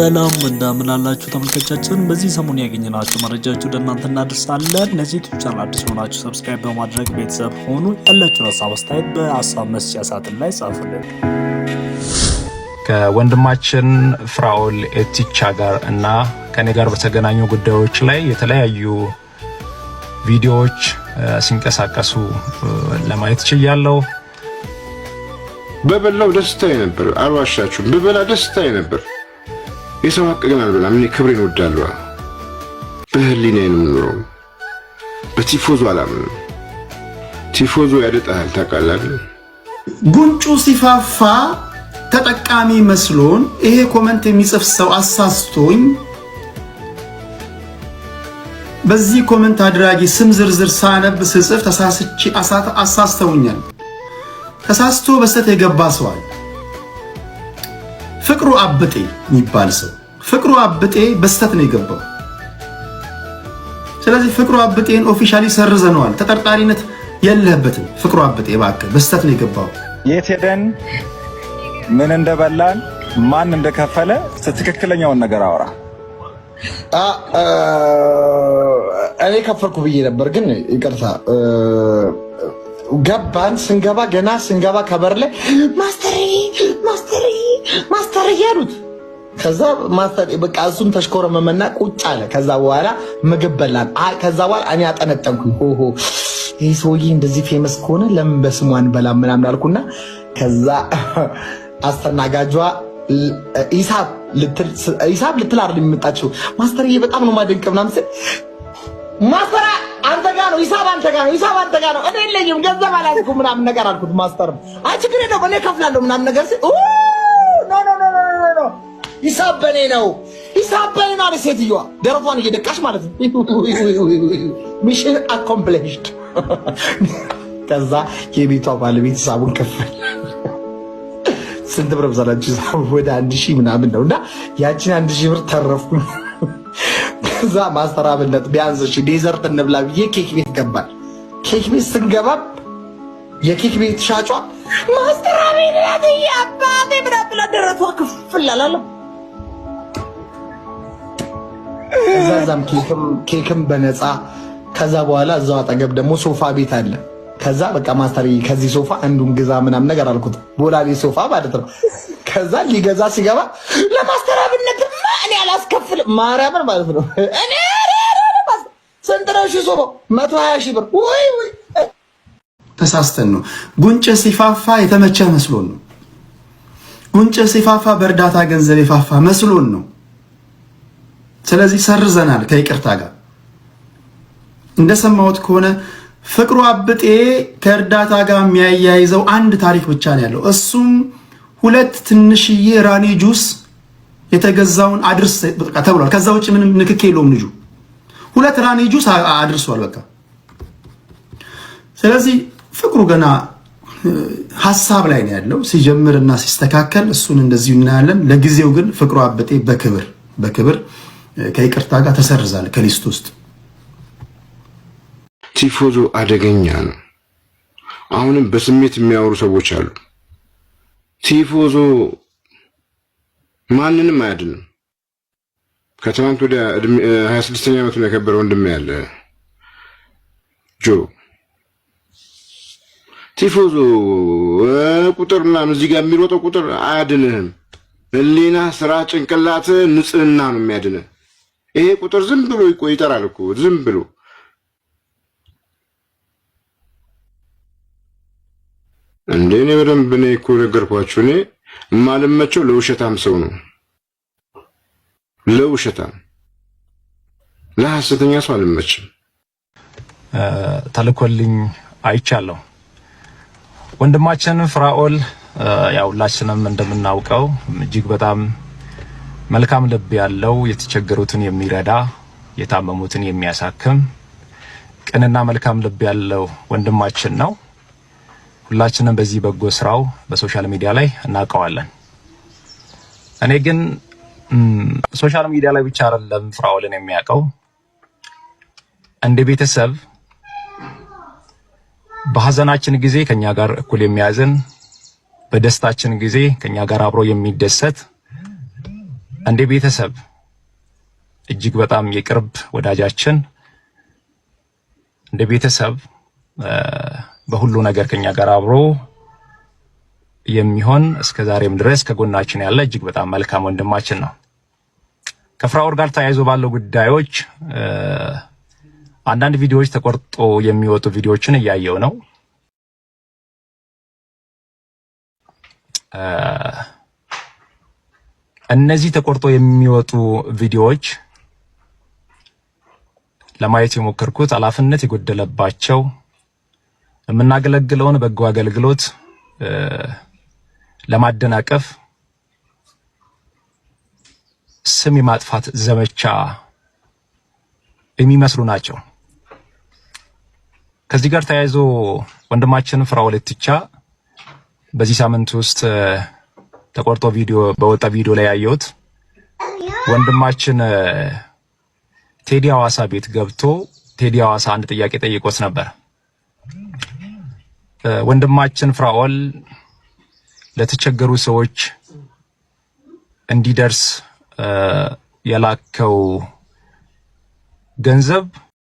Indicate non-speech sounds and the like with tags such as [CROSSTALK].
ሰላም እንደምን አላችሁ ተመልካቾቻችን። በዚህ ሰሞን ያገኘናችሁ መረጃዎች ወደ እናንተ እናደርሳለን። ለዚህ ዩቲዩብ ቻናል አዲስ ሆናችሁ ሰብስክራይብ በማድረግ ቤተሰብ ሆኑ። ያላችሁ ሀሳብ አስተያየት በሀሳብ መስጫ ሳጥን ላይ ጻፉልን። ከወንድማችን ፍራኦል ኤቲቻ ጋር እና ከኔ ጋር በተገናኙ ጉዳዮች ላይ የተለያዩ ቪዲዮዎች ሲንቀሳቀሱ ለማየት ችያለሁ። በበላው ደስታዬ ነበር፣ አልዋሻችሁም። በበላ ደስታዬ ነበር። የሰው ሀቅ ግን አልበላም። እኔ ክብሬን ወዳለሁ። በህሊና ነው የምኖረው። በቲፎዞ አላምንም። ቲፎዞ ያደጣል። ታውቃለህ። ጉንጩ ሲፋፋ ተጠቃሚ መስሎን ይሄ ኮመንት የሚጽፍ ሰው አሳስቶኝ በዚህ ኮመንት አድራጊ ስም ዝርዝር ሳነብ ስጽፍ ተሳስቼ አሳስተውኛል። ተሳስቶ በስተት የገባ ሰዋል ፍቅሩ አብጤ የሚባል ሰው ፍቅሩ አብጤ በስተት ነው የገባው። ስለዚህ ፍቅሩ አብጤን ኦፊሻሊ ሰርዘነዋል። ተጠርጣሪነት የለህበትም። ፍቅሩ አብጤ እባክህ በስተት ነው የገባው። የት ሄደን ምን እንደበላን ማን እንደከፈለ ትክክለኛውን ነገር አውራ። እኔ ከፈልኩ ብዬ ነበር፣ ግን ይቅርታ ገባን። ስንገባ ገና ስንገባ ከበር ላይ ማስተር እያሉት ያሉት ከዛ ማስተር በቃ እሱም ተሽኮረመመና ቁጭ አለ። ከዛ በኋላ ምግብ በላን። ከዛ በኋላ እኔ አጠነጠንኩኝ። ሆሆ ይህ ሰውዬ እንደዚህ ፌመስ ከሆነ ለምን በስሙ አንበላም ምናምን አልኩና ከዛ [LAUGHS] አስተናጋጇ ሂሳብ ልትል ሂሳብ ልትል አይደል የሚመጣችው ማስተርዬ በጣም ነው የማደንቀው ምናምን ስል ማስተር አንተ ጋር ነው ሂሳብ አንተ ጋር ነው ሂሳብ አንተ ጋር ነው እኔ የለኝም ገንዘብ አላዝኩም ምናምን ነገር አልኩት። ማስተር አይ ችግር የለውም እኔ እከፍላለሁ ምናምን ነገር ሲል ሂሳብ በኔ ነው፣ ሂሳብ በኔ ነው አለ ሴትዮዋ፣ ደረቷን እየደቃች ማለት ነው። ሚሽን አኮምፕሊሽድ። ከዛ የቤቷ ባለቤት ሂሳቡን ከፍል ስንት ብር ብዛላችሁ? ሂሳቡ ወደ አንድ ሺህ ምናምን ነው እና ያችን አንድ ሺህ ብር ተረፍኩኝ። ከዛ ማስተራብነት ቢያንስ ዴዘርት እንብላ ብዬ ኬክ ቤት ገባል። ኬክ ቤት ስንገባ የኬክ ቤት ሻጯ ማስተራቤ ናት አባቴ ብላ ደረቷ ክፍል አላለም እዛዛም ኬክም በነፃ ከዛ በኋላ እዛው አጠገብ ደግሞ ሶፋ ቤት አለ። ከዛ በቃ ማስተር ከዚህ ሶፋ አንዱን ግዛ ምናምን ነገር አልኩት፣ ቦላሌ ሶፋ ማለት ነው። ከዛ ሊገዛ ሲገባ ለማስተር አብነት እኔ አላስከፍልም ማርያምን ማለት ነው እኔ ስንት ነው ሺህ ሶፋ መቶ ሀያ ሺህ ብር ወይ ወይ ተሳስተን ነው። ጉንጭ ሲፋፋ የተመቸ መስሎን ነው። ጉንጭ ሲፋፋ በእርዳታ ገንዘብ የፋፋ መስሎን ነው። ስለዚህ ሰርዘናል ከይቅርታ ጋር። እንደሰማሁት ከሆነ ፍቅሩ አብጤ ከእርዳታ ጋር የሚያያይዘው አንድ ታሪክ ብቻ ነው ያለው። እሱም ሁለት ትንሽዬ ራኔ ጁስ የተገዛውን አድርስ በቃ ተብሏል። ከዛ ውጭ ምንም ንክክ የለውም ልጁ ሁለት ራኔ ጁስ አድርሷል። በቃ ስለዚህ ፍቅሩ ገና ሀሳብ ላይ ነው ያለው። ሲጀምር እና ሲስተካከል እሱን እንደዚሁ እናያለን። ለጊዜው ግን ፍቅሩ አብጤ በክብር በክብር ከይቅርታ ጋር ተሰርዛል ከሊስት ውስጥ። ቲፎዞ አደገኛ ነው። አሁንም በስሜት የሚያወሩ ሰዎች አሉ። ቲፎዞ ማንንም አያድንም። ከትናንት ወዲያ ሀያ ስድስተኛ ዓመቱን ያከበረ ወንድም ያለ ጆ ቲፎዞ ቁጥርና እዚህ ጋር የሚሮጠው ቁጥር አያድንህም። ህሊና፣ ስራ፣ ጭንቅላት፣ ንጽህና ነው የሚያድንህ። ይሄ ቁጥር ዝም ብሎ ይጠራል እኮ ዝም ብሎ እንደ እኔ በደንብ እኔ እኮ ነገርኳችሁ። እኔ የማልመቸው ለውሸታም ሰው ነው፣ ለውሸታም ለሐሰተኛ ሰው አልመችም። ተልኮልኝ አይቻለሁ። ወንድማችን ፍራኦል ያው ሁላችንም እንደምናውቀው እጅግ በጣም መልካም ልብ ያለው የተቸገሩትን የሚረዳ የታመሙትን የሚያሳክም ቅንና መልካም ልብ ያለው ወንድማችን ነው። ሁላችንም በዚህ በጎ ስራው በሶሻል ሚዲያ ላይ እናውቀዋለን። እኔ ግን ሶሻል ሚዲያ ላይ ብቻ አይደለም ፍራውልን የሚያውቀው እንደ ቤተሰብ በሀዘናችን ጊዜ ከኛ ጋር እኩል የሚያዝን፣ በደስታችን ጊዜ ከኛ ጋር አብሮ የሚደሰት አንዴ ቤተሰብ እጅግ በጣም የቅርብ ወዳጃችን እንደ ቤተሰብ በሁሉ ነገር ከኛ ጋር አብሮ የሚሆን እስከ ዛሬም ድረስ ከጎናችን ያለ እጅግ በጣም መልካም ወንድማችን ነው። ከፍራኦል ጋር ተያይዞ ባለው ጉዳዮች አንዳንድ ቪዲዮዎች ተቆርጦ የሚወጡ ቪዲዮዎችን እያየው ነው። እነዚህ ተቆርጦ የሚወጡ ቪዲዮዎች ለማየት የሞከርኩት ኃላፊነት የጎደለባቸው የምናገለግለውን በጎ አገልግሎት ለማደናቀፍ ስም የማጥፋት ዘመቻ የሚመስሉ ናቸው። ከዚህ ጋር ተያይዞ ወንድማችን ፍራኦል ኢቲቻ በዚህ ሳምንት ውስጥ ተቆርጦ ቪዲዮ በወጣ ቪዲዮ ላይ ያየሁት ወንድማችን ቴዲ ሐዋሳ ቤት ገብቶ ቴዲ ሐዋሳ አንድ ጥያቄ ጠይቆት ነበር። ወንድማችን ፍራኦል ለተቸገሩ ሰዎች እንዲደርስ የላከው ገንዘብ